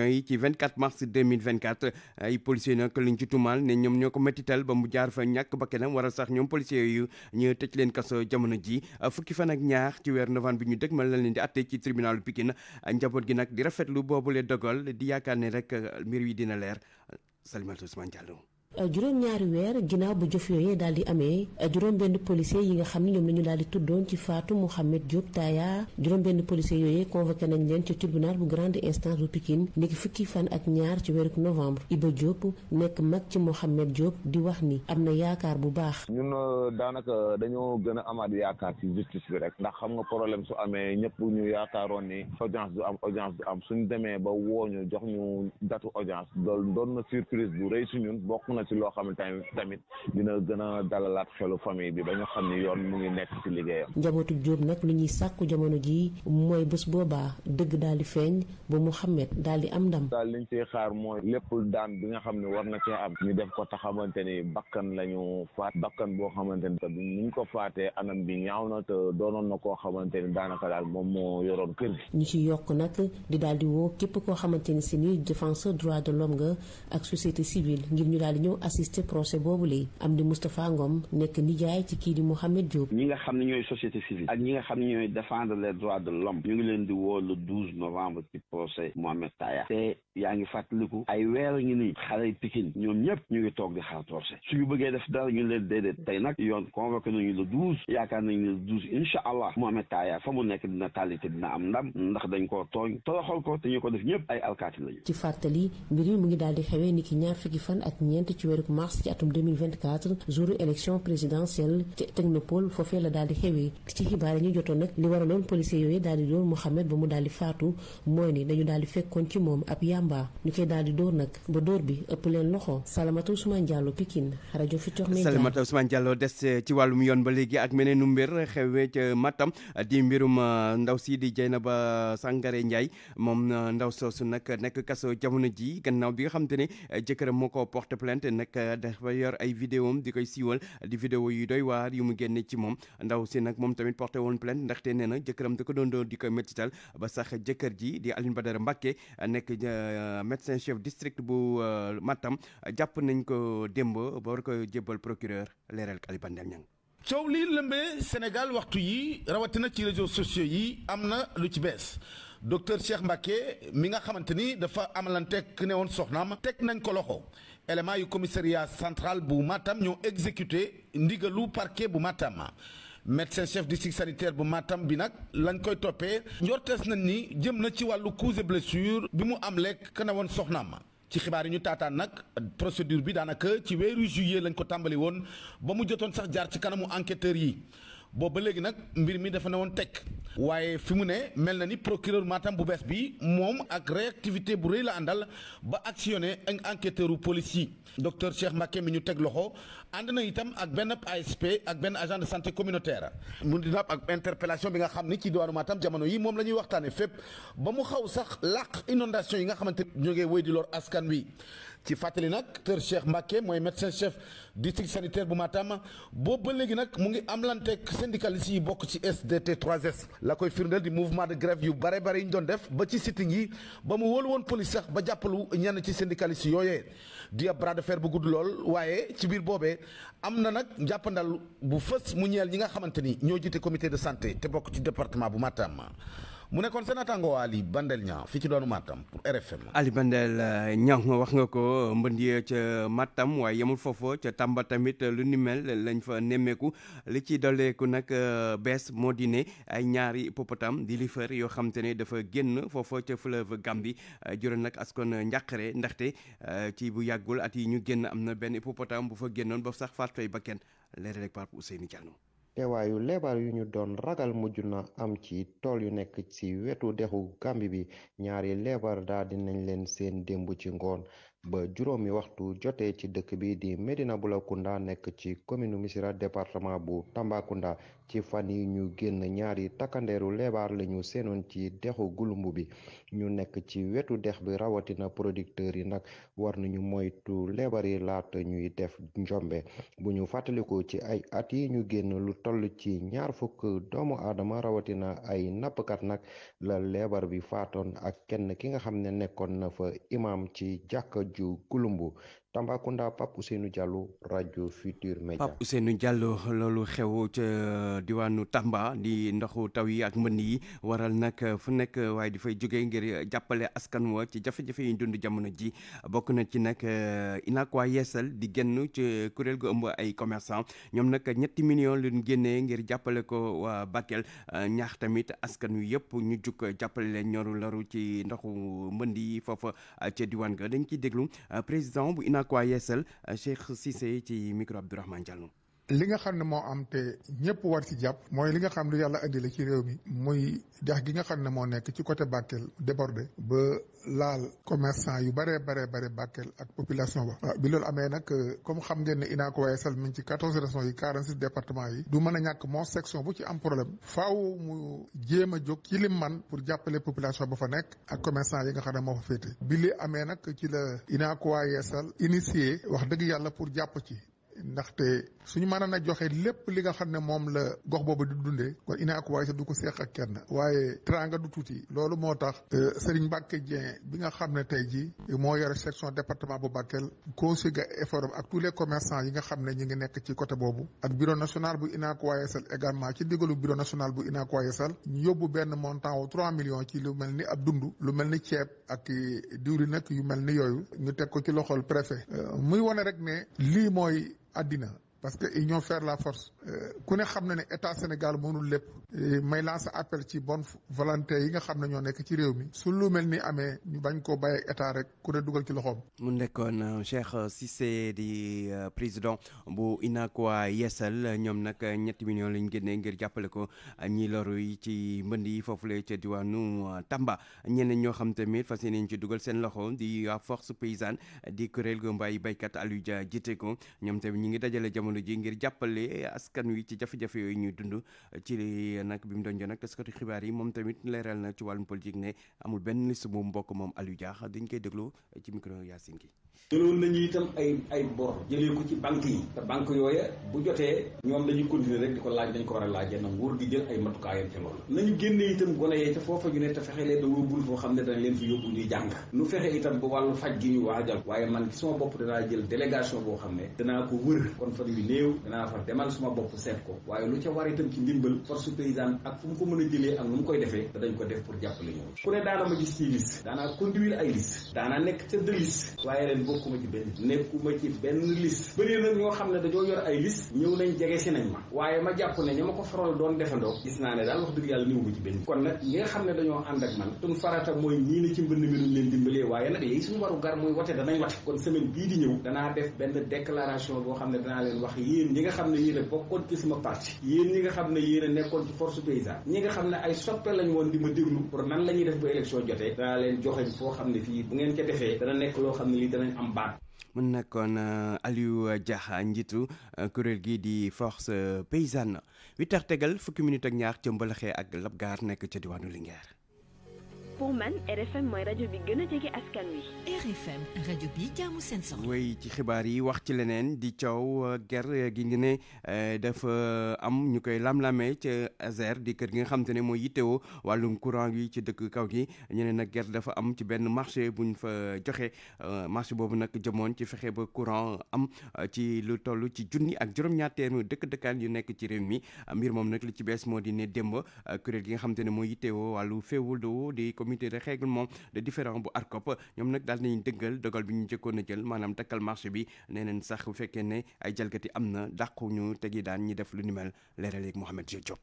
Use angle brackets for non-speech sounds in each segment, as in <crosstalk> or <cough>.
yi ci 24 mars 2024 ay policiers nag liñ ci tumaal ne ñoom ñoo ko métital ba mu jaar fa ñàkk bakkanam wara sax ñoom policiers yooyu ñu tëj leen kaso jamono ji fukki fan ak ñaar ci weer novembre bi ñu dëgmal la leen di atte ci tribunal Pikine njaboot gi nag di rafetlu boobu le dogal di yaakaar ne rek mbir yi dina leer Salimata Ousmane Diallo Euh, juróom-ñaari weer ginnaaw bu jëf yooyee daal di amee euh, juróom-benn policier yi nga xam ne ñoom la ñu daal di tuddoon ci faatu Mouhamed Diop Taaya juróom-benn policier yooyee convoqué nañ leen ci tribunal bu grande instance bu Pikine niki fukki fan ak ñaar ci weeruk novembre Iba Diop nekk mag ci Mouhamed Diop di wax ni am na yaakaar bu baax. ñun euh, daanaka dañoo gën a amaat yaakaar ci justice bi rek ndax xam nga problème su amee ñëpp ñu yaakaaroon ni audience du am audience du am suñu demee ba wooñu jox ñu datu audience doon na surprise bu rëy si ñun bokk na na si loo xam ne tamit dina gën a dalalaat xelu famille bi ba ñu xam ne yoon mu ngi nekk si liggéeyam. njabootu Diop nag lu ñuy sàkku jamono jii mooy bés boobaa dëgg daal di feeñ ba Mouhamed daal di am ndam. daal liñ ciy xaar mooy lépp daan bi nga xam ne war na cee am. ñu def ko taxamante ni bakkan la ñu faat bakkan boo xamante ni ni ko faatee anam bi ñaaw na te doonoon na koo xamante ni daanaka daal moom moo yoroon kër gi. ñu ci yokk nag di daal woo képp koo xamante si ni défenseur droit de l'homme nga ak société ñëw assister procès boobu lay am di Moustapha Ngom nekk nijaay ci kii di Mouhamed ñi nga xam ne ñooy société civile ak ñi nga xam ne ñooy défendre les droits de l'homme ñu ngi leen di woo le 12 novembre ci procès Mohamed Taya te yaa ngi fàttaliku ay weer ngi ni xale yi Pikine ñoom ñëpp ñu ngi toog di xaar procès suñu bëggee def dara ñu leen déedéet tey nag yoon convoqué nañu le 12 yaakaar nañu le 12 incha allah Mohamed Taya fa mu nekk dina talité dina am ndam ndax dañ koo tooñ toroxal ko te ko def ñëpp ay alkaati lañu ci ci weeru mars ci atum 2024 jouru présidentielle ci technopole foofee la daal di xewee ci xibaar yi ñu jotoon nag li waraloon policier yooyu daal di dóor ba mu daal di faatu mooy ni dañu daal di fekkoon ci moom ab yàmba ñu koy daal di dóor nag ba dóor bi ëpp leen loxo Salamata Ousmane Diallo Pikine rajo Futurs Médias Salamata Ousmane des eh, ci wàllum yoon ba léegi ak meneenu mbir xewee ca Matam di mbirum eh, ndaw si di ba Sangare Ndiaye moom eh, ndaw soosu nag nekk kaso jamono ji nag eh, dafa yor ay vidéo di koy siiwal di vidéo yu doy waar yu mu génne ci moom ndaw si nag moom tamit porté woon plainte ndaxte nee na jëkkëram da ko doon doon di koy méttital ba sax jëkkër ji di ba Badara Mbacké eh, nekk eh, médecin chef district bu mattam jàpp nañ ko démb ba war ko jébbal procureur leeral ak Aliou Bandel coow lii lëmbee Sénégal waxtu yi rawatina ci réseaux sociaux yi am na lu ci bees docteur Cheikh Mbacké mi nga xamante ni dafa amalanteeg ne woon soxnaam teg nañ ko loxo élément yu commissariat central bu Matam ñoo exécuté ndigalu parquet bu Matam médecin chef district sanitaire bu Matam bi nag lañ koy toppee njortees nañ ni jëm na ci wàllu coups et bi mu am lekk kana woon ma ci xibaar yi ñu taataan nag procédure bi daanaka ci weeru juillet lañ ko tàmbali woon ba mu jotoon sax jaar ci kanamu enquêteurs yi boobu ba léegi nag mbir mi dafa ne woon teg waaye fi mu ne mel na ni procureur tam bu bees bi moom ak réactivité bu rëy la àndal ba actionné ak enquêteuru police yi docteur Cheikh Mbacké mi ñu teg loxo ànd na itam ak benn ASP ak benn agent de santé communautaire mu di dina ak interpellation bi nga xam ni ci diwaanu Matam jamono yi moom la ñuy waxtaane fépp ba mu xaw sax làq inondation yi nga xamante ñu ngee wéy di lor askan wi ci fàttali nag docteur Cheikh Mbacké mooy médecin chef district sanitaire bu Matam boo ba léegi nag mu ngi am lanteeg syndicaliste yi bokk ci SDT 3 la koy firndeel di mouvement de grève yu bare bare yi ñu doon def ba ci sitting yi ba mu wóolu woon police sax ba jàppalu ñenn ci syndicaliste yooyee di ab bras de fer bu gudd lool waaye ci biir boobee am na nag njàppandal bu fës mu ñeel ñi nga xamante ni ñoo jiite comité de santé te bokk ci département bu Matam mu nekkoon seen atango Ali Bandel Niang fii ci doonu Matam pour RFM. Ali Bandel eh, Niang wax nga ko mbënd yee ca Matam waaye yemul foofu ca Tamba tamit lu ni lañ fa nemmeeku li ci doleeku nag eh, bees moo di ne ay ñaari popotam di li yoo xam te dafa génn foofu ca fleuve Gambie eh, jural nag askan njàqare ndaxte ci bu yàggul at yi ñu génn am na benn popotam bu fa génnoon ba sax faat fay ba kenn leeral ak Pape Ousseynou Diallo teewaayu leebar yu ñu doon ragal mujj na am ci tool yu nekk ci wetu dexu Gàmbi bi ñaari leebar daal dinañ leen seen démb ci ngoon ba juróomi waxtu jotee ci dëkk bi di Medina Bulakunda nekk ci commune Missirah département bu Tambacounda ci fan yi ñu génn ñaari takkandeeru leebar lañu seenoon ci dexu gulumb bi ñu nekk ci wetu dex bi rawatina producteurs yi nag war nañu moytu leebar yi laata ñuy def njombe bu ñu fàttalikoo ci ay at yi ñu génn lu toll ci ñaar fukk doomu aadama rawatina ay nappkat nag la leebar bi faatoon ak kenn ki nga xam ne nekkoon na fa imaam ci jàkka ju gulumb Tambacounda Pape Ousseynou Diallo rajo Futur Media. Pape Ousseynou Diallo loolu xew ca euh, diwaanu Tamba di ndoxu taw yi ak mbënd yi waral nag euh, fu nekk waaye di fay jógee ngir jàppale askan wa ci jafe-jafe yi dund jamono ji bokk na ci nag euh, waa Yeesal di génn ci kuréel gu ëmb ay commerçant ñoom nag ñetti millions luñ génnee ngir jàppale ko waa Bakel ñaax tamit askan wi yëpp ñu jukk jàppale leen ñoru laru ci ndoxu mbënd yi foofa ca diwaan ga dañ ciy déglu président bu a waa Yeesal Cheikh Cissé ci micro Abdourahmane Diallo li nga xam ne moo am te ñëpp war ci jàpp mooy li nga xam ne yàlla indi la ci réew mi muy dex gi nga xam ne moo nekk ci côté Bakel débordé ba laal commerçant yu bare bare bare Bakel ak population ba bi loolu amee nag comme xam ngeen ne INACO Wayassal mi ngi ci quatorze régions yi quarante six départements yi du a ñàkk moo section bu ci am problème faaw mu jéem a jóg ci lim man pour jàppale population ba fa nekk ak commercant yi nga xam ne moo fa féete bi li amee nag ci la ko Wayassal initié wax dëgg yàlla pour jàpp ci ndaxte man mënoon a joxe lépp li nga xam ne moom la gox boobu du dundee kon inaak waaye sa du ko seeq ak kenn waaye teraanga du tuuti loolu moo tax euh, Serigne Mbacke Dieng bi nga xam ne tey jii moo yore section département bu Bakel consiga effort ak tous les yi nga xam ne ñu ngi nekk ci côté boobu ak bureau national bu inaak waaye sal également ci ndigalu bureau national bu inaak waaye sal ñu yóbbu benn montant wu trois millions ci lu mel ni ab dund lu mel ni ceeb ak diwlin nag yu mel ni yooyu ñu teg ko ci loxol préfet euh, muy wane rek ne lii mooy àddina parce que ñoo faire la force euh, ku ne xam na ne état Sénégal mënul lépp may lancer appel ci bonne volonté yi nga xam ne ñoo nekk ci réew mi su lu mel ni amee ñu bañ koo bàyyi état rek ku ne dugal ci loxoom. mu nekkoon euh, Cheikh euh, Cissé di président bu UNACOIS Yessal ñoom nag ñetti millions lañ génnee ngir jàppale ko ñi loru yi ci mbënd yi foofule ca diwaanu Tamba ñeneen ñoo xam tamit fas ñu ci dugal seen loxo di force paysanne di kuréel gu mbay baykat Aliou Dia jiite ko ñoom tamit jamono ji ngir jàppale askan wi ci jafe-jafe yooyu ñuy dund ci li nag bi mu doon jox nag taskatu xibaar yi moom tamit leeral na ci wàllum politique ne amul benn liste mbokk moom Aliou Dia dañ koy déglu ci micro Yacine gi jëloon nañu itam ay ay bor jëlee ko ci banque yi te banque yooya bu jotee ñoom dañuy continuer rek di ko laaj dañ ko war a laajee nag nguur gi jël ay matukaayam ci loolu nañu génnee itam ne te fexe leen da yóbbul foo xam ne dañ leen fi yóbbu ñuy jàng nu boo xam ne danaa ko wër a fan yu néew danaa fa demal suma bopp seet ko waaye lu ca war itam ci ndimbal force paysanne ak fu mu ko mën a jëlee mu defee dadañ ko def pour jàppale ñoom ku ne daana ma gis ci liste daanaa conduire ay liste daanaa nekk ca deux waaye leen nekkuma ci benn nekkuma ci xam ne dañoo yor ay liste ñëw nañ jege si nañ ma waaye ma ma ko faral doon defandoo gis naa ne daal wax dëgg yàlla niwuma ci benn kon nag ñi nga xam ne dañoo ànd ak man suñ farata mooy ñii ne ci mbënd mi duñ leen dimbalee waaye nag yéegi suñu waru muy wate danañ wate kon semaine bii di ñëw danaa def benn déclaration boo xam ne danaa leen wax yéen ñi nga xam ne yéen a bokkoon ci sama parti yéen ñi nga xam ne yéen a nekkoon ci force paysan ñi nga xam ne ay soppe lañ woon di ma déglu pour nan la ñuy def ba élection jotee danaa leen joxeñ foo xam ne fii bu ngeen ca defee loo xam ne lii am am baat. mu nekkoon euh, Aliou Diakha njiitu euh, kuréel gii di force euh, paysanne na heures tegal fukki minutes ak ñaar ca Mbalaxe ak Labgar nekk ca diwaanu Linguère. pour RFM mooy bi gën seen soxla. wéy ci xibaar yi wax ci leneen di coow euh, ger euh, gi ngi ne euh, dafa am ñu koy lamlamee ca Azer di kër gi nga xam ne mooy yittewoo wàllum courant yi ci dëkk kaw gi ñu ne nag ger dafa am ci benn marché bu ñu fa joxe marché boobu nag jëmoon ci fexe ba courant am ci lu toll ci junni ak juróom dëkk dëkkaan yu nekk ci réew mi mbir moom nag li ci bees moo di ne démb kuréel mooy comité de règlement de différend bu ARCOP ñoom nag daal nañu dëggal dogal bi ñu njëkkoon a jël maanaam dakkal marché bi nee neen sax bu fekkee ne ay jalgati am na dàqu ñu teg tegi daan ñi def lu ni mel leeral yeeg Mouhamed Diop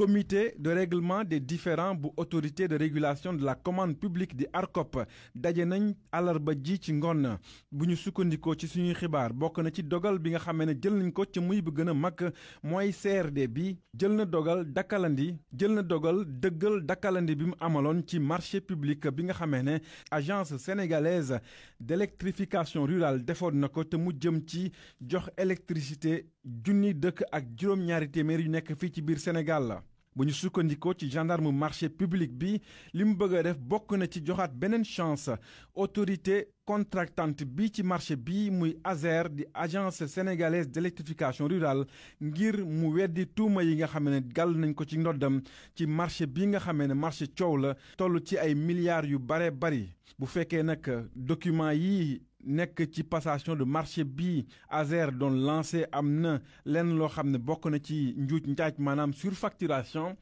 comité de réglement des différent bu autorité de régulation de la commande publique di ARCOP daje nañ àllarba ji ci ngoon bu ñu sukkandikoo ci suñuy xibaar bokk na ci dogal bi nga xamee ne jël nañ ko ci muy bu gën a mag mooy CRD bi jël na dogal dakkalandi jël na dogal dëggal dakkalandi bi mu amaloon ci marché publique bi nga xamee ne agence sénégalaise d'électrification rurale defoon na ko te mu jëm ci jox électricité junni dëkk ak juróom-ñaari téeméer yu nekk fii ci biir Sénégal bu ñu sukkandikoo ci gendarme marché public bi li mu bëgg def bokk na ci joxaat beneen chance autorité contractante bi ci marché bi muy ASER di agence sénégalaise d'électrification rurale ngir mu weddi tuuma yi nga xam ne gàll nañ ko ci ndoddam ci marché bi nga xam ne marché coow la toll ci ay milliards yu bare bari bu fekkee nag document yii nekk ci passation de marché bii Azer doon lancé am na lenn loo xam ne bokk na ci njuuj njaaj maanaam surfacturation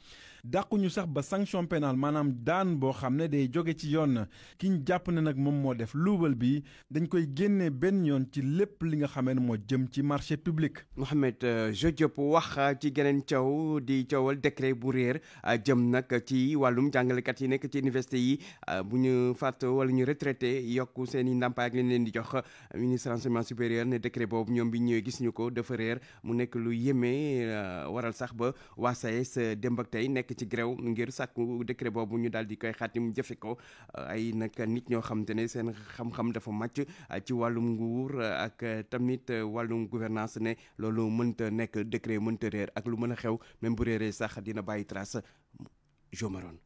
dàquñu sax ba sanction pénale maanaam daan boo xam ne day jóge ci yoon ki ñu jàpp ne nag moom moo def luubal bi dañ koy génne benn yoon ci lépp li nga xamee ne moo jëm ci marché public. Mohamed euh, Diop wax euh, ci geneen caw di coowal décret bu réer euh, jëm nag ci wàllum jàngalekat yi nekk ci université yi bu ñu fàtt wala ñu retraité yokk seen i ndàmpaay ak leen leen di jox ministre enseignement supérieur ne décret boobu ñoom bi ñëwee gis ñu ko dafa réer mu nekk lu yéeme waral sax ba waa SAES e démb tey nekk. nekk ci grève ngir sàkku décret boobu ñu daal di koy xaatim jëfe ko ay nag nit ñoo xamante ne seen xam-xam dafa màcc ci wàllum nguur ak tamit wàllum gouvernance ne loolu mënta nekk décret mënta réer ak lu mën a xew même bu réeree sax dina bàyyi trace jomaroon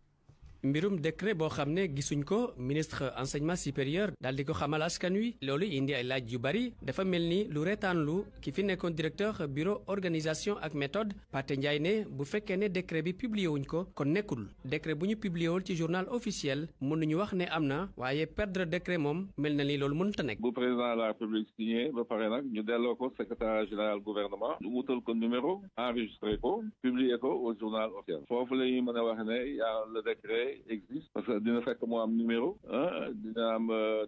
mbirum décret boo xam ne gisuñ ko ministre enseignement supérieur daal di ko xamal askan wi loolu indi ay laaj yu bari dafa mel ni lu reetaanlu ki fi nekkoon directeur bureau organisation ak méthode Pathé Ndiaye ne bu fekkee ne décret bi publié wuñ ko kon nekkul décret bu ñu publié wul ci journal officiel mënuñu wax ne am na waaye perdre décret moom mel na ni loolu mënta nekk. bu président de la république signé ba pare nag ñu delloo ko secrétaire général gouvernement ko numéro enregistré ko publier ko au existe parce que dina fekk moo am numéro ah dina am euh,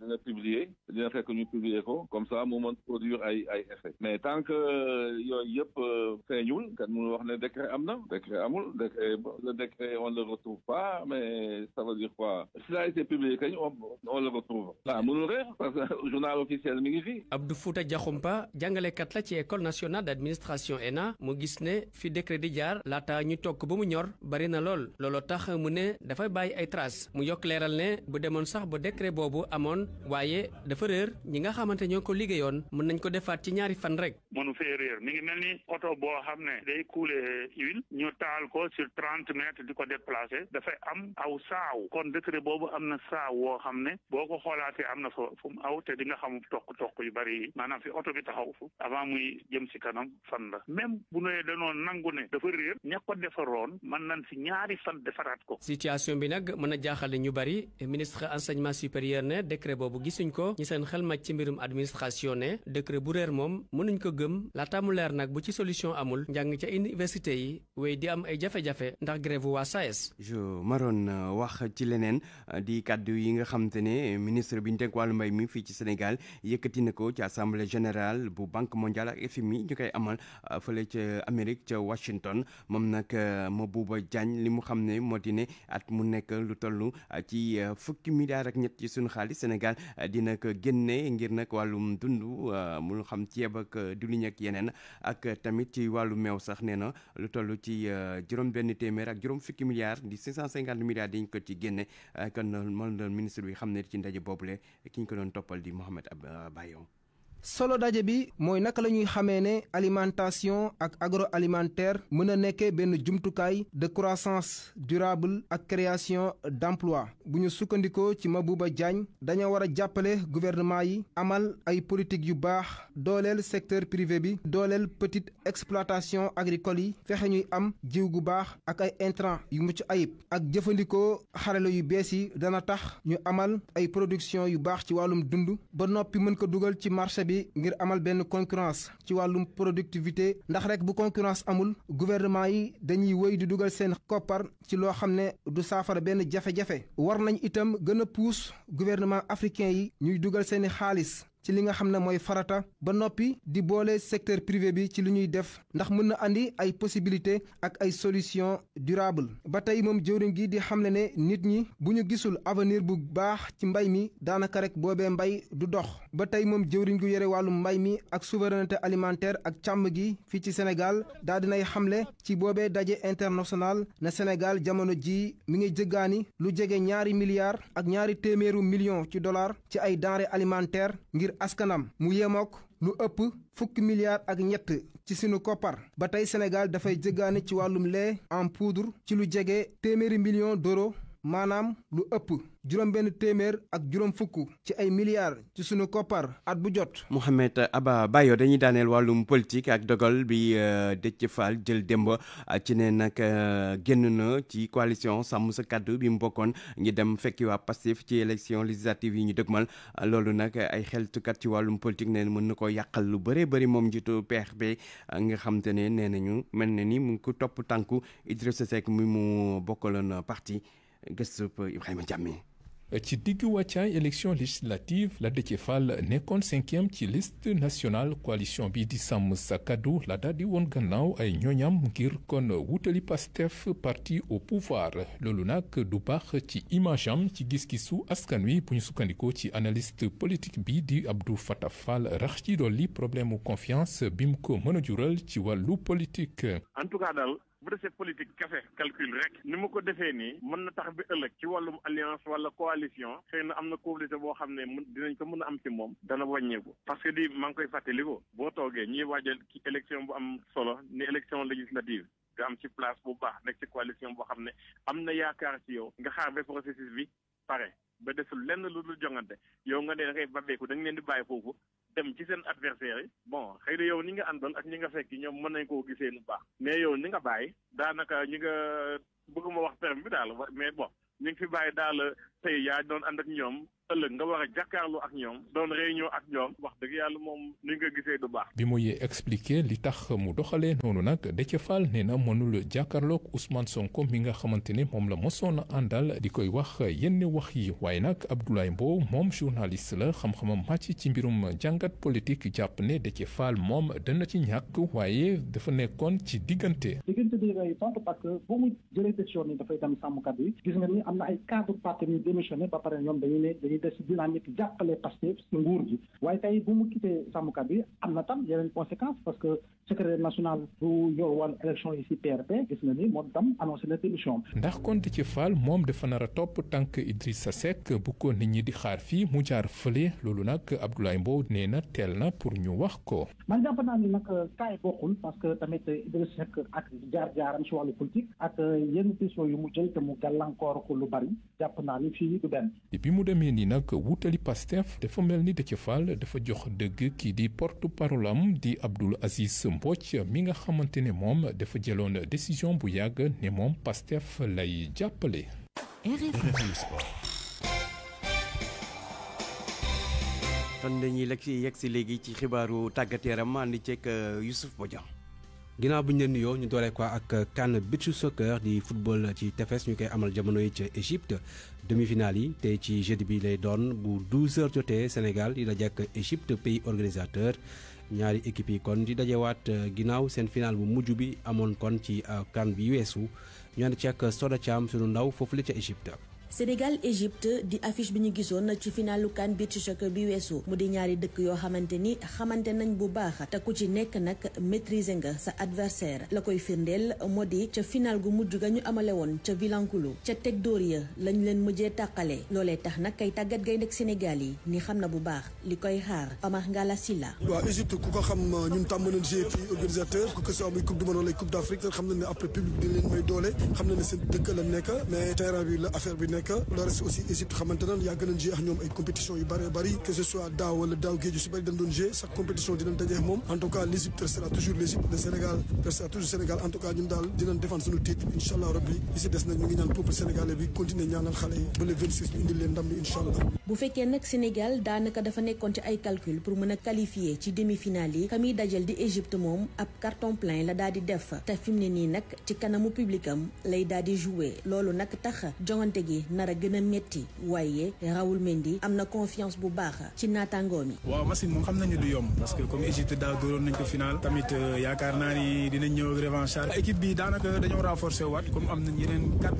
dina publier dina fekk ñu publier ko comme ça mu mën produire ay ay effet mais tant que euh, yooyu yëpp euh, feeñul kan mënu wax ne décret am na décret amul décret le décret on le retrouve pas mais ça veut dire quoi s'il a été publié kañ on on le retrouve waaw ah, mënul reer parce que <laughs> journal officiel mi ngi fii Abdou Fouta jàngalekat la ci école nationale d'administration ENA mu gis ne fi décret di jaar laata ñu tokk ba mu ñor tax mu ne dafay bàyyi ay traces mu yokk leeral ne bu demoon sax ba décret boobu amoon waaye dafa réer ñi nga xamante ñoo ko liggéeyoon mën nañ ko defaat ci ñaari fan rek. mënu fee réer mi ngi mel ni oto boo xam ne day kuule huile ñu taal ko sur trente mètres di ko déplacer dafay am aw saaw kon décret boobu am na saaw woo xam ne boo ko xoolaatee am na fa fu mu aw te di nga xam toq-toq yu bari maanaam fi oto bi taxaw fu avant muy jëm si kanam fan la même bu defaraat ko. bi nag mën a jaaxale ñu bari ministre enseignement supérieur ne décret boobu gisuñ ko ñi seen xel màcc ci mbirum administration ne décret bu réer moom mënuñ ko gëm laata mu leer nag bu ci solution amul njàng ca université yi wéy di am ay jafe-jafe ndax grève waa SAES. E je maroon euh, wax ci leneen euh, di kàddu yi nga xam ne ministre bi ñu teg wàllu mbay mi fii ci senegal yëkkati na ko ca assemblée générale bu banque mondiale ak FMI ñu koy amal euh, fële ca moo di ne at mu nekk lu tollu ah, ci eh, fukki milliards ak ñett ci suñu xaalis senegal ah, dina ko génne ngir nag wàllum dund ah, mu xam ceeb ak eh, diwlin ak yeneen ak tamit ci wàllu meew sax nee na lu tollu ci eh, juróom benn téeméer ak juróom fukki milliards di 550 milliards dañ ko ci génne kon man doon ministre bi xam ne ci ndaje boobule ki ñu ko doon toppal di Mouhamed Bayon solo daje bi mooy naka la ñuy xamee ne alimentation ak agro agroalimentaire mën a nekkee benn jumtukaay de croissance durable ak création d'emploi bu ñu sukkandikoo ci Mabouba Diagne dañoo war a jàppale gouvernement yi amal ay politique yu baax dooleel secteur privé bi dooleel petite exploitation agricole yi fexe ñuy am jiw bu baax ak ay intrants yu mucc ayib ak jëfandikoo xarala yu bees yi dana tax ñu amal ay production yu baax ci wàllum dund ba noppi mën ko dugal ci marché bi ngir amal benn concurrence ci wàllum productivité ndax rek bu concurrence amul gouvernement yi dañuy woy di dugal seen koppar ci loo xam ne du saafara benn jafe-jafe war nañu itam gën a puus gouvernement africain yi ñuy dugal seeni xaalis ci li nga xam ne mooy farata ba noppi di boole secteur privé bi ci li ñuy def ndax mën na andi ay possibilité ak ay solution durable ba tey moom jëwriñ gi di xamle ne nit ñi bu ñu gisul avenir bu baax ci mbay mi daanaka rek boobee mbay du dox ba tey moom jëwriñ gu yore wàllu mbay mi ak souveraineté alimentaire ak càmm gi fii ci Sénégal daal dinay xamle ci boobe daje international na Sénégal jamono ji mi ngi jëggaani lu jege ñaari milliards ak ñaari téeméeru millions ci dollars ci ay denrées alimentaires ngir askanam mu yemook lu ëpp fukki milliards ak ñett ci sunu koppar ba tey Sénégal dafay jéggaane ci wàllum lait en poudre ci lu jege téeméeri millions d'euros maanaam lu ëpp juróom benn téeméer ak juróom fukk ci ay milliards ci suñu koppar at bu jot. Mouhamed Aba Bayo dañuy daaneel wàllum politique ak dogal bi euh, Déthié Fall jël démb euh, ci neen nag euh, génn na ci coalition sàmm sa kàddu bi mu bokkoon ngi dem fekki waa Pastef ci élection législative yi ñu dëgmal loolu nag ay xeltukat ci wàllum politique neen mën na ko yàqal lu bëree bëri moom njiitu PRP nga xam te ne nee nañu mel na ni mu ngi ko topp tànku Idrissa Seck mi mu bokkaloon parti gëstub Ibrahima Diamé ci digg wàccaay élection législative la Déthié Fall nekkoon cinquième ci list national coalition bi di sàmm sa kàddu la daal di woon gannaaw ay ñooñam ngir kon wutali Pastef parti au pouvoir loolu nag du baax ci image ci gis-gisu askan wi bu ñu sukkandikoo ci analist politique bi di Abdou Fatah Fall rax ci dolli problème mu confiance bi mu ko mën a jural ci wàllu politique. en bu desee politique café calcul rek ni mu ko defee nii mën na tax bi ëllëg ci wàllum alliance wala coalition xëy na am na complicité boo xam ne mën dinañ ko mën a am si moom dana wàññeeku parce que di maa ngi koy fàttali ko boo toogee ñuy waajal ci élection bu am solo ni élection législative nga am ci place bu baax nekk ci coalition boo xam ne am na yaakaar ci yow nga xaar ba processus bi pare ba desul lenn lu dul jongante yow nga ne da ngay babeeku da leen di bàyyi foofu dem ci seen adversaire yi bon xëy na yow ni nga àndoon ak ñi nga fekk ñoom mën nañ koo gisee lu baax mais yow ni nga bàyyi daanaka ñi nga bëgguma wax terme bi daal mais bon ñu ngi fi bàyyi daal tey yaa doon ànd ak ñoom ëllëg nga war a jàkkaarloo ak ñoom doon réunion ak ñoom wax dëgg yàlla moom ni nga gisee du baax. bi muy expliqué li tax mu doxalee noonu nag Déthié Fall nee na mënul jàkkaarloog Ousmane Sonko mi nga xamante ne moom la mosoon a àndal di koy wax yenn wax yi waaye nag Abdoulaye Mbow moom journaliste la xam-xamam màcc ci mbirum jàngat politique jàpp ne Déthié Fall moom dana ci ñàkk waaye dafa nekkoon ci diggante. diggante bi lay tontu parce bu mu jëlee décision ni dafay yi da si dynamique jàppale Pastef si nguur gi waaye tey bu mu quitté sàmmkat bi am na tam yeneen conséquence parce que secrétaire national bu yor woon élection yi si PRP gis na ni moom tam annoncé na démission ndax kon di ci faal moom dafa nar a topp tànk Idrissa Seck bu ko nit ñi di xaar fii mu jaar fële loolu nag Abdoulaye Mbow nee na teel na pour ñu wax ko man jàpp naa ni nag kaay euh, bokkul parce que tamit euh, Idrissa Seck ak jaar-jaaram si wàllu ak euh, yenn décision yu mu jël te gàllankoor lu bari nag wutali Pastef dafa mel ni Déthié Fall dafa jox dëgg kii di porte parole di Abdoul Aziz Mbodj mi nga xamante ne moom dafa jëloon décision bu yàgg ne moom Pastef lay jàppale. kon dañuy yegg si léegi ci xibaaru tàggat yaram ànd ceeg euh, Youssouf Bodian ginnaaw bu ñu leen nuyoo ñu doolee ko ak CAN Beach Soccer di football ci tefes ñu koy amal jamono yi ca Égypte demi-finale yi tey ci jeudi bi lay doon bu 12h jotee Sénégal di dajak Égypte pays organisateur ñaari équipe yi kon di dajewaat euh, ginnaaw seen final bu mujj bi amoon kon ci euh, CAN bi weesu ñu ànd ci ak Soda Thiam sunu ndaw foofu la ca Égypte. Sénégal Égypte di affiche bi ñu gisoon na ci finalu CAN beach soccer bi weesu mu di ñaari dëkk yoo xamante ni xamante nañ bu baax te ku ci nekk nag maîtriser nga sa adversaire la koy firndeel moo di ca final gu mujj ga ñu amale woon ca Vilankulu ca teg dóor ya lañ leen mujjee tàqale loolee tax nag kay tàggat gay nag Sénégal yi ni xam na bu baax li koy xaar Omar Ngala Silla waaw Égypte ku ko xam euh, ñun tàmm nañ jouer ci organisateur ku ko amuy coupe xam la nekk bien que le aussi Égypte xamante nan yàgg nañ jouer ak ñoom ay compétition yu bëree bëri daaw géeju su bëri dañ doon jouer chaque compétition dinañ dajeex moom en tout des nag ñu ngi ñaan peuple sénégalais bi continuer ñaanal xale yi ba le 26 leen ndam bi incha bu fekkee nag Sénégal daanaka dafa nekkoon ci ay calcul pour mën a qualifier ci demi-finale yi ka dajal di Égypte moom ab carton plein la daal def te fi ne nii nag ci kanamu publicam lay daal nar a gën a métti waaye Raoul Mendy am na confiance bu baax ci naataangoom yi. waaw Massi moom xam nañu du yomb parce que comme Égypte daaw dóoroon nañ ko final tamit euh, yaakaar naa ni dinañ ñëw ak revanche équipe bi daanaka dañoo renforcer waat comme am nañ yeneen quatre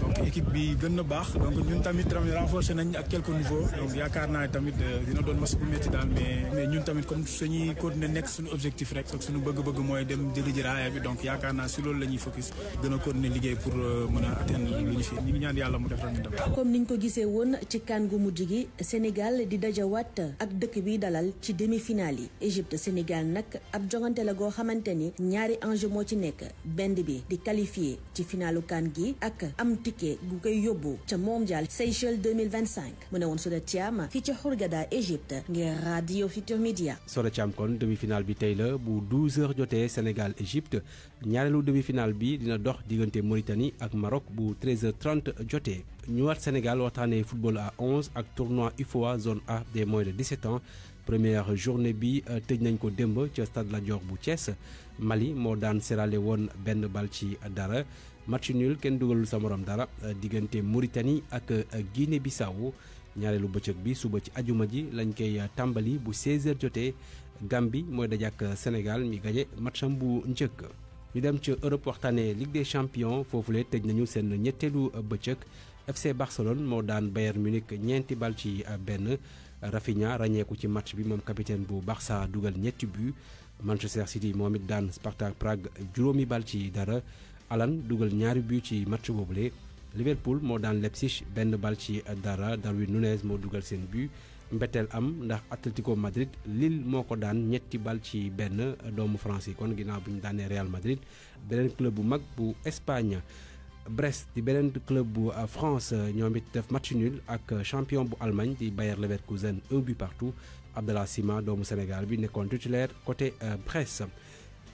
donc équipe bi gën na baax donc ñun tamit renforcer nañ ak quelques nouveaux yaakaar naa tamit euh, dina doon mas bu métti daal mais mais ñun tamit comme suñuy continuer nekk suñu objectif rek donc suñu bëgg-bëgg mooy dem jëli ji bi donc yaakaar naa si loolu la ñuy focus gën a continuer liggéey euh, kenn lu ñu fi ñu ngi ko gisee woon ci kan gu mujj gi Sénégal di dajawaat ak dëkk bi dalal ci demi-finale yi Égypte Sénégal nag ab jongante la goo xamante ni ñaari enjeu moo ci nekk benn bi di qualifié ci finalu kan gi ak am ticket gu koy yóbbu ca mondial Seychelles 2025 mu ne woon Soda Thiam fii ci Hurghada Égypte ngir radio Futur Media. Soda Thiam kon demi-finale bi tey la bu 12h jotee Sénégal Égypte. ñaareelu demi-finale bi dina dox diggante Mauritanie ak Maroc bu 13h30 jotee ñu waat Sénégal waxtaanee football à ak tournoi UFOA zone A des moins de 17 ans première journée bi euh, tëj nañ ko démb ca stade Lat Dior bu Thiès Mali moo daan serale woon benn bal ci dara match nul kenn dugalul sa moroom dara euh, diggante Mauritanie ak euh, bi saw ñaareelu bëccëg bi suba ci ajuma ji lañ koy tàmbali bu 16h jotee Gambie mooy dajak Sénégal mi gañe matcham bu njëkk. ñu dem ci Europe waxtaanee Ligue champion foofu foofule tëj nañu seen ñetteelu bëccëg FC Barcelone moo daan Bayern Munich ñeenti bal ci benn Rafinha ràññeeku ci match bi moom capitaine bu Barça dugal ñetti but Manchester City moom it daan Spartak Prague juróomi bal ci dara Alan dugal ñaari but ci match boobule Liverpool moo daan Leipzig benn bal ci dara Darwin Nunez moo dugal seen but. mbetteel am ndax Atlético Madrid lil moo ko daan ñetti bal ci benn doomu France yi kon ginnaaw bi ñu daanee Real Madrid beneen club bu mag bu Espagne Brest di beneen club bu euh, France ñoom it def match ak champion bu Allemagne di Bayer Leverkusen un but partout Abdallah Sima doomu Sénégal bi nekkoon titulaire côté euh, Brest.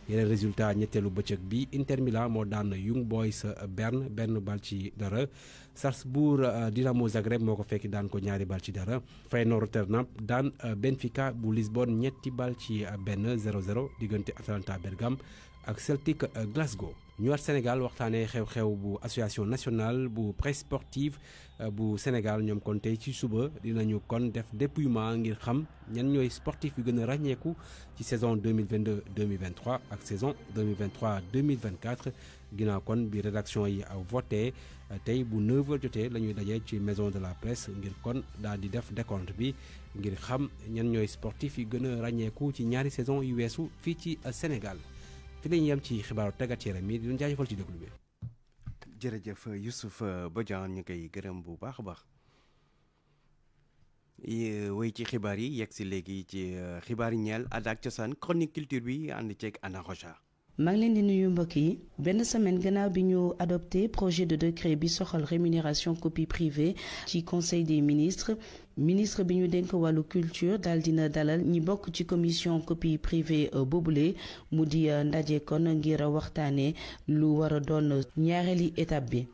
yeneen résultat ñetteelu bëccëg bi Inter Milan moo daan Young Boys euh, Bern benn bal ci dara. Salzbourg euh, Dinamo Zagreb moo ko fekki daan ko ñaari bal ci dara Feyenoord Rotterdam daan euh, Benfica bu Lisbonne ñetti bal ci euh, benn 0-0 diggante Atalanta Bergame ak Celtic Glasgow ñu war Sénégal waxtaanee xew-xew bu association national bu presse sportive bu Sénégal ñoom kon tey ci suba dinañu kon def dépouillement ngir xam ñan ñooy sportif yu gën a ràññeeku ci saison 2022 2023 ak saison 2023 2024 ginnaaw kon bi rédaction yi voté euh, tey bu 9 jotee la ñuy dajee ci maison de la presse ngir kon daal di def décompte bi ngir xam ñan ñooy sportif yi gën a ràññeeku ci ñaari saison yu weesu fii ci euh, Sénégal fi la ñuy yem ci xibaaru tàggat yaram yi di leen ci déglu bi. jërëjëf euh, Youssouf Bodian ñu koy gërëm bu baax a baax. wéy ci xibaar yi yegg si léegi ci xibaar yi ñeel aada ak cosaan chronique culture bi ànd ceeg Anna maa ngi leen di nuyu mbokk yi benn semaine gannaaw bi ñu adopté projet de décret bi soxal rémunération copie privée ci conseil des ministre ministre bi ñu dénk wàllu culture daal dina dalal ñi bokk ci commission copie privée euh, boobule mu di euh, ndaje kon ngir waxtaanee lu war a doon ñaareeli étape bi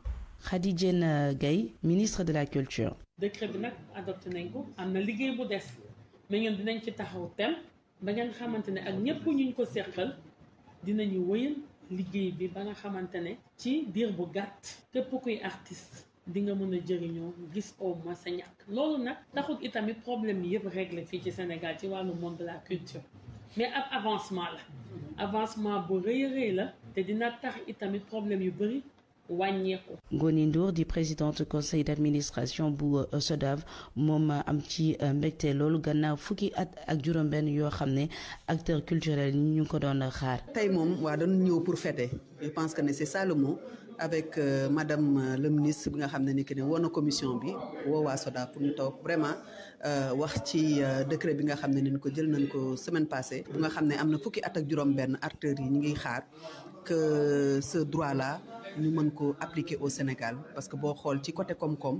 Khady Diène euh, gay ministre de la culture. décret bi nag adopté nañ ko am na liggéey bu des mais ñun dinañ ci taxaw tem ba ngeen ne ak ñëpp ñu ko seqal. dinañu wëyal liggéey bi ba nga xamante ne ci diir bu gàtt képp kuy artiste di nga mën a jëriñoo gis au moins sa ñàkk loolu nag taxul itamit problème yi yëpp réglé fii ci Sénégal ci wàllu monde de la culture mais ab avancement la avancement bu rëy rëy la te dina tax itamit problème yu bëri wàññeeku. Ngoni Ndour di présidente conseil d' administration bu euh, SODAV moom a am ci euh, mbégte loolu gannaaw fukki at ak juróom-benn yoo xam ne acteur culturel yi ñu ko doon xaar. tey moom waa doon ñëw pour fêter je pense que c'est ça le avec euh, madame euh, le ministre bi nga xam ne ni que ne woon na commission bi woo waa SODA pour ñu toog vraiment euh, wax ci euh, décret bi nga xam ne ni ko jël nañ ko semaine passé bu nga xam ne am na fukki at ak juróom-benn acteurs yi ñu ngiy xaar que ce droit la ñu mën ko appliquer au Sénégal parce que boo xool ci côté koom-koom.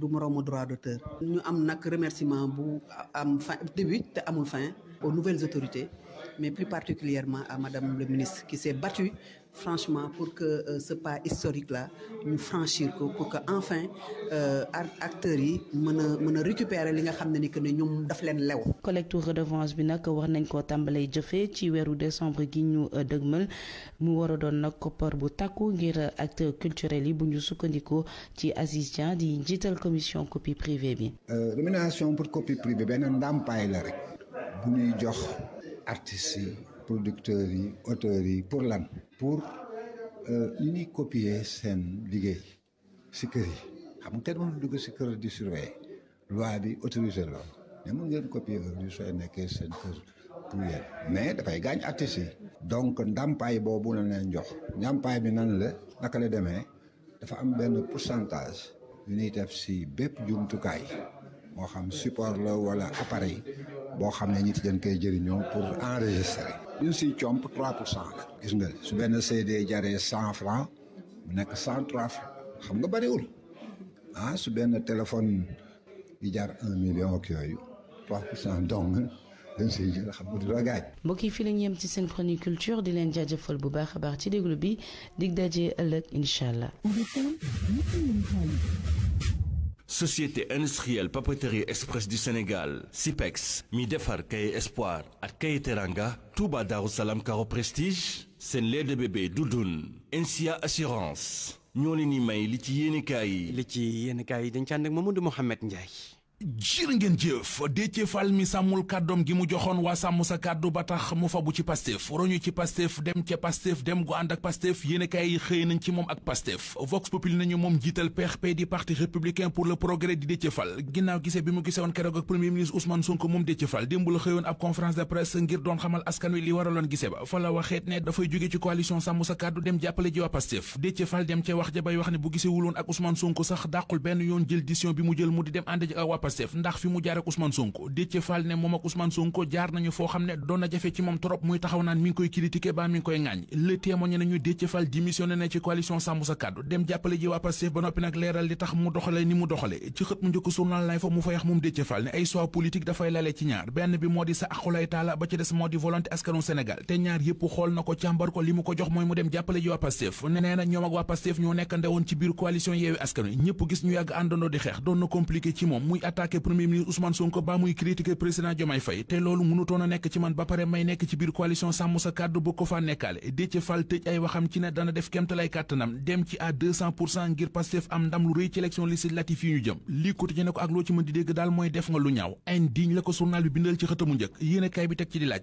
du moroomu droit d'auteur ñu am nag remerciement bu am fin début te amul fin aux nouvelles autorité mais plus particulièrement à Madame le ministre qui s'est battue franchement pour que euh, ce pas historique la ñu franchir ko pour que enfin euh, acteurs yi mën a mën a récupérer li nga xam ne ni que ne ñoom daf leen lew. collecte redevance bi nag war nañ ko tàmbalee jëfee ci weeru décembre gi ñu euh, dëgmal mu war a doon nag koppar bu takku ngir euh, acteurs culturels yi bu ñu sukkandikoo ci Aziz di njiital commission copie privée bi. rémunération pour copie privée benn ndàmpaay la rek jox. artistes yi producteurs yi auteurs yi pour lan pour euh, ñu ñuy copier seen liggéey si kër yi xam nga kenn mënul dugg si kër di surveiller loi bi autorisé loolu mais mën ngeen copier heure yu sooy nekkee seen kër pour yéen mais dafay gaañ artistes yi donc ndàmpaay boobu la leen jox ndàmpaay bi nan la naka la demee dafa am benn pourcentage yu ñuy def si bépp jumtukaay moo xam support la wala appareil boo xam ne nit dañ koy jëriñoo pour enregistrer. ñun comp 3 pour cent gis nga su benn CD jaree 100 francs mu nekk 103 francs xam nga bariwul ah su benn téléphone yi jar 1 million ak yooyu 3 pour cent dong. mbokk yi fi lañ yem ci seen chronique culture di leen jaajëfal bu baax a baax ci déglu bi dig daje ëllëg incha allah. société industrielle papeterie express du Sénégal SIPEX mi defar kay espoir ak kay teranga Touba Darou Salam Caro Prestige seen lait de bébé Doudoune NSIA assurance ñoo li ni may li ci yéenekaay yi. li ci yéenekaay yi dañ ci ànd ak Mamadou Mouhamed Ndiaye. jërë ngeen jëf Déthié Fall mi sàmmul kàddoom gi mu joxoon waa sàmm sa kàddu ba tax mu fabu ci pastef roñu ci pastef dem ca pastef dem gu ànd ak pastef yéenekaay yi xëy nañ ci moom ak pastef vox populi nañu moom jiital PRP di parti républicain pour le progrès di Déthié Fall ginnaaw gise bi mu gise woon keroog ak premier ministre Ousmane Sonko moom Déthié Fall démb la xëyoon ab conférence de presse ngir doon xamal askan wi li waraloon gise ba fa la ne dafay jóge ci coalition sàmm benn yoon jël bi mu jël mu di dem ànd ji Pastef ndax fi mu jaar ak Ousmane Sonko Déthié Fall ne moom ak Ousmane Sonko jaar nañu foo xam ne doon na jafe ci moom trop muy taxaw naan mi koy critiquer ba mi koy ŋaañ le témoigné nañu Déthié Fall démissionné ci coalition sàmm sa kàddu dem jàppale ji waa Pastef ba noppi nag leeral li tax mu doxale ni mu doxale ci xët mu njëkk journal lay fa mu fa yax moom Déthié ne ay choix politique dafay lale ci ñaar benn bi moo di sa aqulay taala ba attaqué premier ministre Ousmane Sonko ba muy critiqué président Diomaye Faye te loolu mënutoon nekk ci man ba pare may nekk ci biir coalition sàmm sa kàddu bu ko faa nekkaale Déthié tëj ay waxam ci ne dana def kémtalay kàttanam dem ci à ngir Pastef am ndam lu rëy ci élection législative yi ñu jëm lii quotidien ko ak loo ci mën di dégg daal mooy def nga lu ñaaw indigne la ko journal bi bindal ci xëtamu njëkk yéene bi teg ci di laaj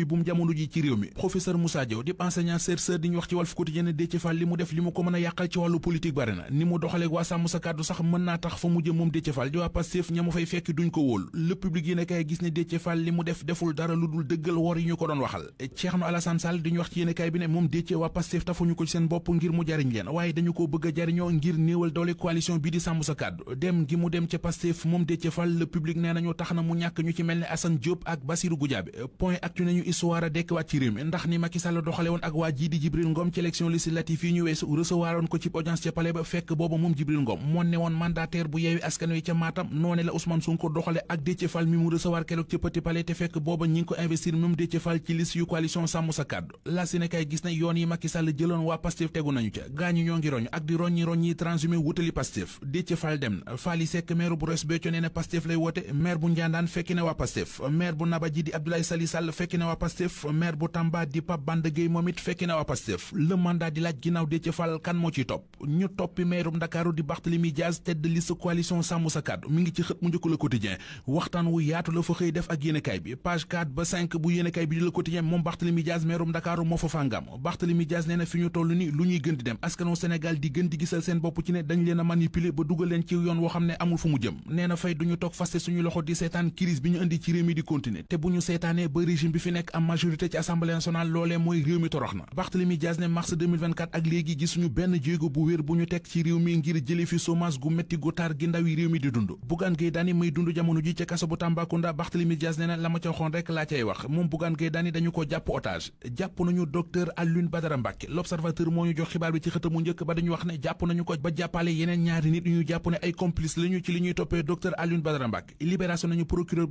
koy buum jamono ji ci réew mi professeur Moussa Diaw dip enseignant chercheur di ñu wax ci Walf Quotidien ne Déthié Fall li mu def li mu ko mën a yàqal ci wàllu politique bare na ni mu doxaleeg waa sàmm sa kàddu sax mën naa tax fa mu moom Déthié di waa Pastef ña mu fay fekk duñ ko wóolu le public gis ne Déthié li mu def deful dara lu dul dëggal wor yi ñu ko doon waxal Thierno Alassane Sall di ñu wax ci yéene bi ne moom Déthié waa Pastef histoire ndax ni Macky Sall doxale woon ak waa jii di Jibril Ngom ci élection législative yi ñu weesu recevoir ko ci audience ca palais ba fekk booba moom Jibril Ngom moo ne woon mandataire bu yeewi askan wi ca Matam noone la Ousmane Sonko doxale ak Déthié Fall mi mu recevoir keroog ca Petit Palais te fekk booba ñi ko investir moom Déthié Fall ci liste yu coalition sàmm sa kàddu la gis na yoon yi Macky Sall jëloon waa Pastef tegu nañu ca gaañu Pastef maire bu Tamba di Pape Banda Gueye moom it fekki na waa Pastef le di laaj ginnaaw Déthié Fall kan moo ci topp ñu toppi mairum Ndakaaru di Barthélémy Dias tête de liste coalition Sàmm Sa Kàddu mi ngi ci xët mu njëkk Le Quotidien waxtaan wu yaatu la fa xëy def ak yéenekaay bi page 4 ba bu yéenekaay bi di Le Quotidien moom Barthélémy Dias mairum Ndakaaru moo fa fàngam Barthélémy Dias nee fi ñu toll ni lu ñuy gën di dem askanu Sénégal di a manipuler ba dugal leen ci yoon woo xam ne amul fu mu jëm nee na fi nekk am majorité ci assemblée nationale loolee mooy réew mi torox na Barthélemy Dias ne mars 2024 ak léegi gisuñu benn jéego bu wér bu ñu teg ci réew mi ngir jële fi chômage gu métti gu tar gi ndaw yi réew mi di dund Bougane Gueye Dany may dund jamono ji ca kaso bu Tambacounda Barthélemy Dias ne na la ma ca waxoon rek laa cay wax moom Bougane Gueye Dany dañu ko jàpp otage jàpp nañu docteur Alioune Badara Mbacké l'observateur moo ñu jox xibaar bi ci xët njëkk ba dañu wax ne jàpp nañu ko ba jàppale yeneen ñu jàpp ne ay complice lañu ñuy toppee docteur Alioune Badara Mbacké libération nañu procureur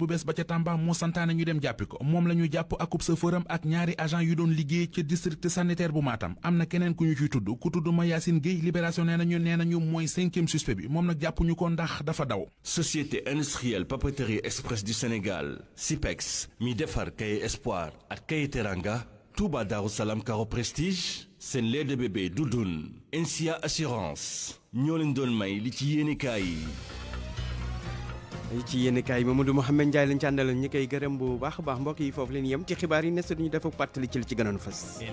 Tamba moo santaane ñu dem jàppi ko moom lañu jàpp akub sëfëram ak ñaari agent yu doon liggéey ca district sanitaire bu maatam am na keneen ku ñu ciy tudd ku tudd Mayacine Gueye libération nee nañu nee nañu mooy cinquième suspect bi moom nag ñu ko ndax dafa daw société industrielle papeterie express du Sénégal SIPEX mi defar Kaye Espoir ak Kaye Teranga Touba Darou Salam Caro Prestige seen lait de bébé Doudoune NSIA assurance ñoo leen doon may li ci yéenekaay yi ci yenn yéen kaay Mamadou Mouhamed Ndiaye lañ ci àndaloon ñi koy gërëm bu baax a baax mbokk yi foofu leen yem ci xibaar yi ne suñu dafa pàttali ci li ci gënoon fës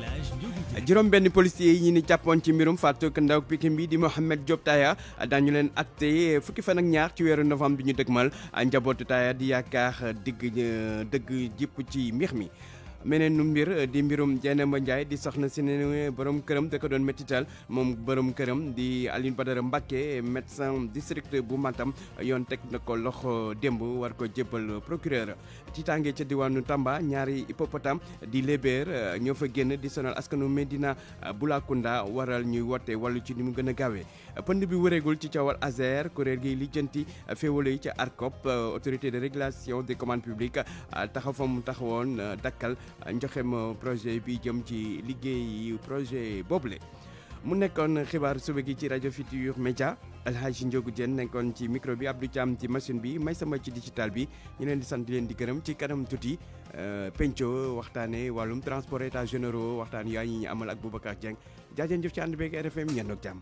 juróom benn policier yi ñu ni jàppoon ci mbirum faatuk ndaw Pikine bi di Mouhamed Diop Taya daañu leen atte fukki fan ak ñaar ci weeru novembre bi ñu mal njabootu Taya di yaakaar digg dëgg jëpp ci mbir mi meneen nu mbir eh, di mbirum Dieynaba Ndiaye di soxna si ne borom këram da doon méttital moom boroom këram di Alioune Badara Mbacké médecin district bu Matam yoon teg na ko loxo démb war ko jébbal procureur tiitaange ca diwaanu Tamba ñaari hippopotame di léber eh, ñoo fa génn di sonal askanu Medina eh, Bulakunda waral ñuy woote wàllu ci ni mu gën a gaawee pënd bi wëreegul ci coowal ASER kuréel gi lijjanti féewalo yi ca ARCOP autorité de régulation des commandes publiques taxaw fa mu taxawoon dakkal njoxem projet bi jëm ci liggéey projet boobule. mu nekkoon xibaar suba gi ci rajo Futurs Médias Alhaji njogu Diène nekkoon ci micro bi Abdou Thiam ci machine bi may sama ci digital bi ñu leen di sant di leen di gërëm ci kanam tuuti euh, penco waxtaane wàllum transport états généraux waxtaan yaa ñi ñu amal ak Boubacar Dieng jaajëf jëf ci ànd beeg RFM ñenn ak jàmm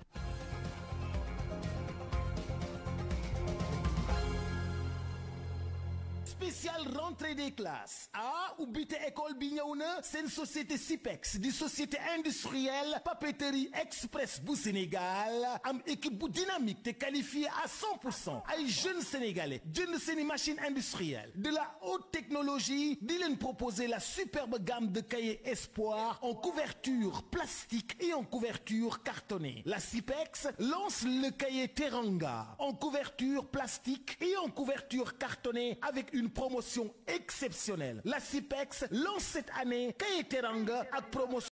rentrée des classes école bi ñëw na seen société SIPEX di société industrielle papeterie express bu Sénégal am équipe bu dynamique te qualifiée à 100 ay jeunes sénégalais jënd seeni machine industrielle de la haute technologie di leen proposer la superbe gamme de cahiers Espoir en couverture plastique et en couverture cartonnée la SIPEX lance le cahier Teranga en couverture plastique et en couverture cartonnée avec une promotion exceptionnel la CIPEX lance cette année Kaye Teranga ak promotion